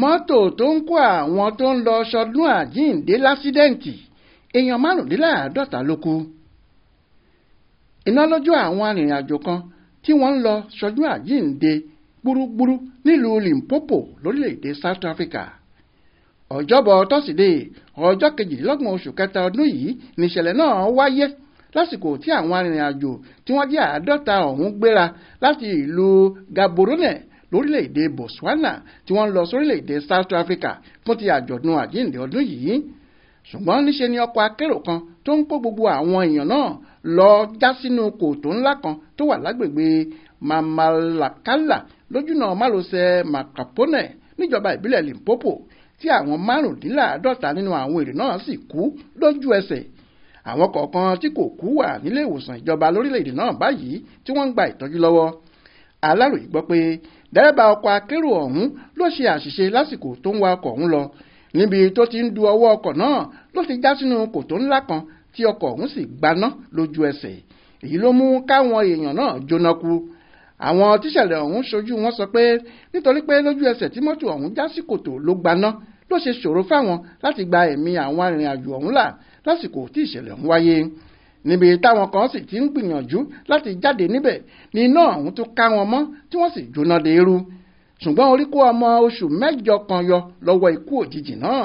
mọ́tò tó ń kó àwọn tó ń lọ sọdún àjíǹde lásídẹ́ǹtì èèyàn márùndínláàádọ́ta ló kú iná lójú àwọn arìnrìnàjò kan tí wọ́n ń lọ sọdún àjíǹde gbúrúgbúrú nílùú Limpopo lórílẹ̀‐èdè South Africa ọjọ́bọ̀ tọ́sídẹ̀ẹ́ ọjọ́ kejìdínlọ́gbọ̀n oṣù kẹta ọdún yìí nìṣẹ̀lẹ̀ náà wáyé lásìkò tí àwọn arìnrìnàjò tí wọ́n jẹ́ àádọ́ta ọ̀hún gbéra láti ìlú Gaborone lórílẹ̀‐èdè Botswana tí wọ́n ń lọ sórílẹ̀‐èdè South Africa fún ti àjọ̀dún àjíǹde ọdún yìí ṣùgbọ́n níṣe ni ọkọ̀ akérò kan tó ń kó gbogbo àwọn èèyàn náà lọ já sínú kòtò ńlá kan tó wà lágbègbè Mamalakala lójúnà márosẹ̀ Makapone níjọba ìbílẹ̀ Limpopo tí àwọn márùndínláàádọ́ta nínú àwọn èrò náà sì kú lójú ẹsẹ̀ àwọn kọ̀ọ̀kan tí kò kú wà nílé ìwòsàn ìjọba lórílẹ̀‐èdè náà báyìí tí wọ́n ń gba ìtọ́jú lọ́wọ́ aláròye gbọ́ pé dẹ́rẹ́bà ọkọ̀ akérò ọ̀hún ló ṣe àṣìṣe lásìkò tó ń wa ọkọ̀ ọ̀hún lọ níbi tó ti ń du ọwọ́ ọkọ̀ náà ló ti já sínú kòtò ńlá kan tí ọkọ̀ ọ̀hún sì gbaná lójú ẹsẹ̀ èyí ló mú káwọn èèyàn náà jóná kú àwọn tíṣẹ̀lẹ̀ ọ̀hún ṣojú wọn sọ pé nítorí pé lójú ẹsẹ̀ tí mọ́tò ọ̀hún já sí kòtò ló gbaná ló ṣe ṣòro fáwọn láti gba ẹ̀mí àwọn arìnrìn ọ̀hún là lásìkò tí ìṣẹ̀lẹ̀ ọ̀hún wáyé níbi táwọn kan sì ti ń gbìyànjú láti jáde níbẹ̀ ni iná ọ̀hún tún ká wọn mọ́ tí wọ́n sì jóná de eru ṣùgbọ́n orí kó ọmọ oṣù mẹ́jọ kan yọ lọ́wọ́ ikú òjijì náà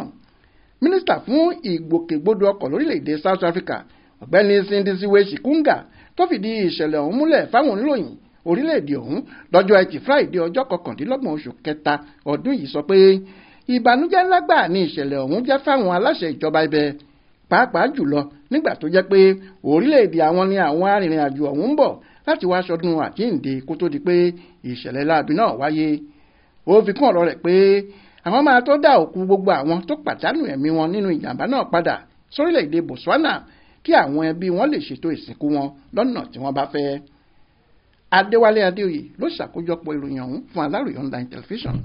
mínísítà fún ìgbòkègbodò ọkọ̀ lórílẹ̀‐èdè South Africa ọ̀gbẹ́ni Sindisiwe Shikunga tó fìdí ìṣẹ̀lẹ̀ ọ̀hún múlẹ̀ fáwọn oníròyìn orílẹ̀‐èdè ọ̀hún lọ́jọ́ ẹtì Friday ọjọ́ kọkàndínlọ́gbọ̀n oṣù kẹta ọdún yìí sọ pé ìbànújẹ́ ńlá gbà ni ìṣẹ̀lẹ̀ ọ̀hún jẹ́ fáwọn aláṣẹ ìjọba ibẹ̀ pàápàá jùlọ nígbà tó jẹ́ pé orílẹ̀-èdè àwọn ni àwọn arìnrìn-àjò ọ̀hún ń bọ̀ láti wá ṣọdún àjíǹde kó tó di pé ìṣẹ̀lẹ̀ láabi náà wáyé ó fi kún ọ̀rọ̀ rẹ̀ pé àwọn máa tó dá òkú gbogbo àwọn tó pàdánù ẹ̀mí wọn nínú ìjàmbá náà padà sórílẹ̀-èdè Botswana kí àwọn ẹbí wọn lè ṣètò ìsìnkú wọn lọ́nà tí wọ́n bá fẹ́ Adéwálé Adéoyè ló ṣàkójọpọ̀ ìròyìn ọ̀hún fún Aláròyé online television.